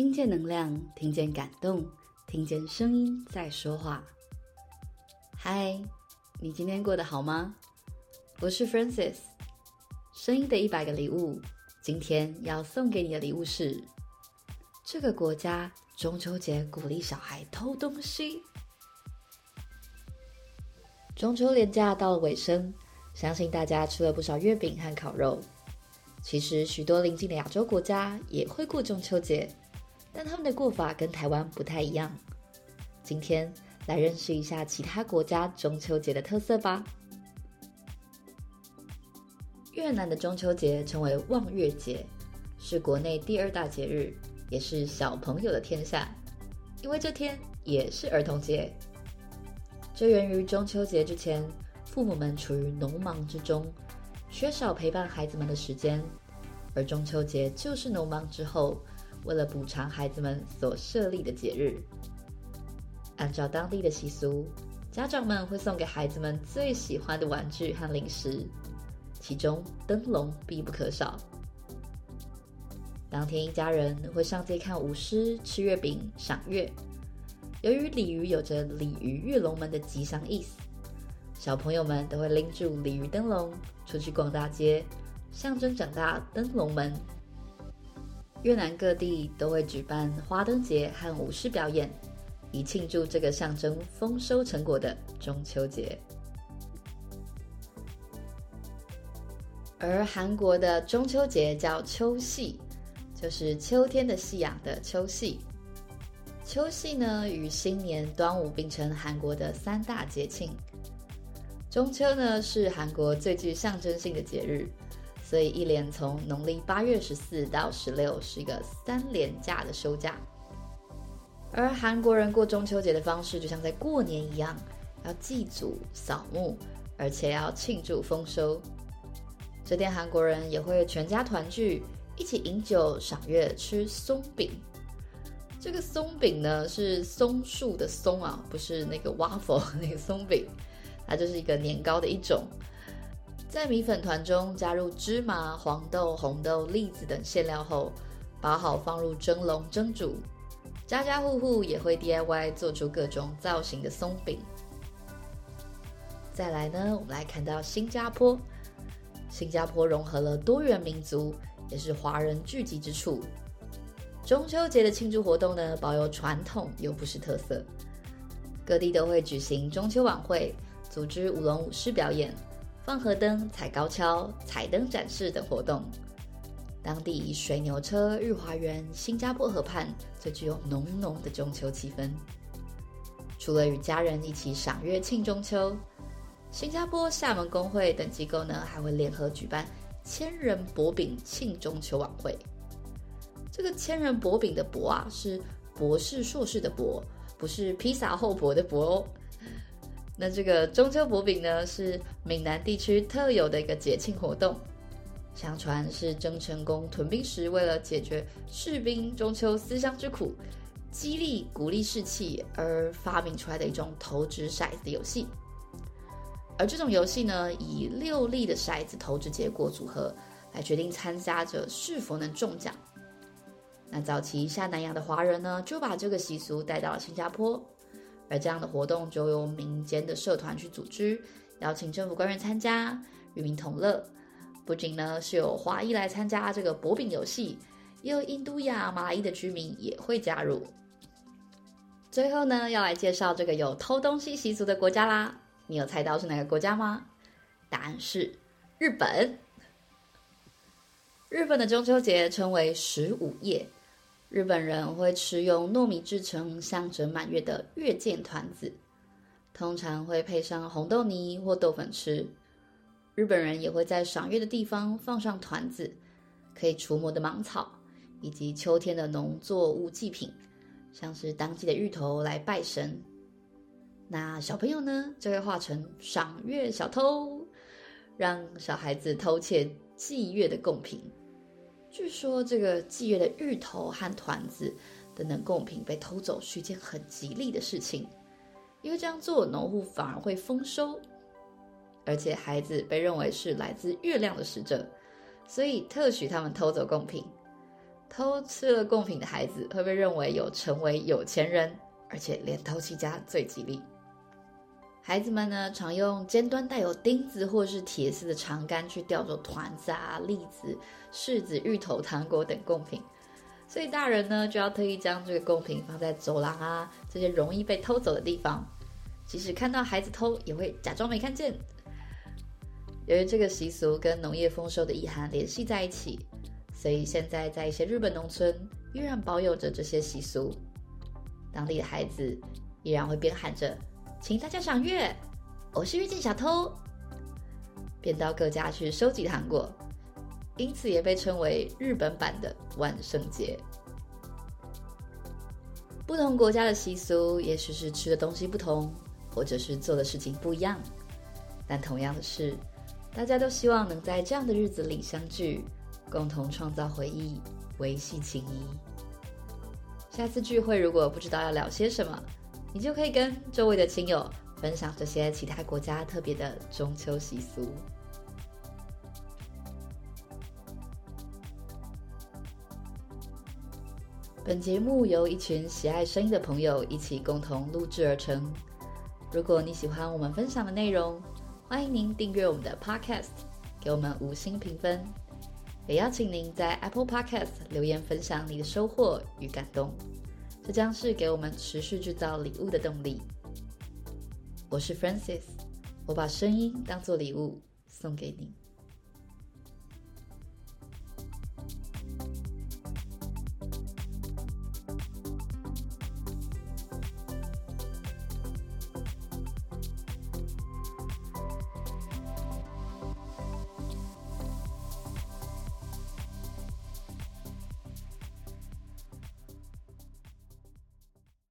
聽見能量，聽見感動，聽見聲音在說話。嗨，你今天過得好嗎？我是 Frances。聲音的一百個禮物，今天要送給你的禮物是：這個國家中秋節鼓勵小孩偷東西。中秋連假到了尾聲，相信大家吃了不少月餅和烤肉。其實，許多鄰近的亞洲國家也會過中秋節。但他們的過法跟台灣不太一樣。今天來認識一下其他國家中秋節的特色吧。越南的中秋節稱為望月節，是國內第二大節日，也是小朋友的天下，因為這天也是兒童節。這源於中秋節之前，父母們處於農忙之中，缺少陪伴孩子們的時間，而中秋節就是農忙之後，為了補償孩子們所設立的節日，按照當地的習俗，家長們會送給孩子們最喜歡的玩具和零食，其中燈籠必不可少。當天，一家人會上街看舞獅、吃月餅、賞月。由於鯉魚有着“鯉魚躍龍門”的吉祥意思，小朋友們都會拎住鯉魚燈籠出去逛大街，象徵長大登龍門。越南各地都會舉辦花燈節和舞獅表演，以慶祝這個象徵豐收成果的中秋節。而韓國的中秋節叫秋夕，就是秋天的夕陽的秋夕。秋夕呢，與新年、端午並稱韓國的三大節慶。中秋呢，是韓國最具象徵性的節日。所以一連，從農曆八月十四到十六，是一個三連假的休假。而韓國人過中秋節的方式就像在過年一樣，要祭祖、掃墓，而且要慶祝豐收。這天韓國人也會全家團聚，一起飲酒、賞月、吃松餅。這個松餅呢，是松樹的松啊，不是那個 waffle 那個鬆餅，它就是一個年糕的一種。在米粉糰中加入芝麻、黃豆、紅豆、栗子等餡料後，包好放入蒸籠蒸煮。家家戶戶也會 DIY 做出各種造型的松餅。再來呢，我們來看到新加坡。新加坡融合了多元民族，也是華人聚集之處。中秋節的慶祝活動呢，保有傳統又不失特色。各地都會舉行中秋晚會，組織舞龍舞獅表演。放河燈、踩高蹺、彩燈展示等活動，當地以水牛車、日華園、新加坡河畔最具有濃濃的中秋氣氛。除了與家人一起賞月慶中秋，新加坡、廈門工會等機構呢，還會聯合舉辦千人博餅慶，慶中秋晚會。這個千人博餅的博啊，是博士、碩士的博，不是披薩厚薄的薄哦。那這個中秋博餅呢，是閩南地區特有的一個節慶活動。相傳是鄭成功屯兵時，為了解決士兵中秋思鄉之苦，激勵鼓勵士氣而發明出來的一種投擲骰子的遊戲。而這種遊戲呢，以六粒的骰子投擲結果組合來決定參加者是否能中獎。那早期下南洋的華人呢，就把這個習俗帶到了新加坡。而這樣的活動就由民間的社團去組織，邀請政府官員參加，與民同樂。不僅呢是有華裔來參加這個博餅遊戲，也有印度裔、馬來裔的居民也會加入。最後呢，要來介紹這個有偷東西習俗的國家啦。你有猜到是哪個國家嗎？答案是日本。日本的中秋節稱為十五夜。日本人會吃用糯米製成象徵滿月的月見團子，通常會配上紅豆泥或豆粉吃。日本人也會在賞月的地方放上團子、可以除魔的芒草，以及秋天的農作物祭品，像是當季的芋頭來拜神。那小朋友呢，就會化成賞月小偷，讓小孩子偷竊祭月的貢品。據說，這個祭月的芋頭和團子等等貢品被偷走是一件很吉利的事情，因為這樣做農戶反而會豐收，而且孩子被認為是來自月亮的使者，所以特許他們偷走貢品。偷吃了貢品的孩子會被認為有成為有錢人，而且連偷七家最吉利。孩子們呢，常用尖端帶有釘子或是鐵絲的長桿去吊着糰子啊、栗子、柿子、芋頭、糖果等貢品，所以大人呢，就要特意將這個貢品放在走廊啊，這些容易被偷走的地方，即使看到孩子偷，也會假裝沒看見。由於這個習俗跟農業豐收的意涵聯繫在一起，所以現在在一些日本農村依然保有着這些習俗，當地的孩子依然會邊喊着。請大家賞月。我是月見小偷，便到各家去收集糖果，因此也被稱為日本版的萬聖節。不同國家的習俗，也許是吃的東西不同，或者是做的事情不一樣，但同樣的是，大家都希望能在這樣的日子裡相聚，共同創造回憶，維繫情誼。下次聚會如果不知道要聊些什麼。你就可以跟周圍的親友分享這些其他國家特別的中秋習俗。本節目由一群喜愛聲音的朋友一起共同錄制而成。如果你喜歡我們分享的內容，歡迎您訂閱我們的 Podcast，給我們五星評分，也邀請您在 Apple Podcast 留言分享你的收穫與感動。這將是給我們持續製造禮物的動力。我是 Frances，我把聲音當做禮物送給你。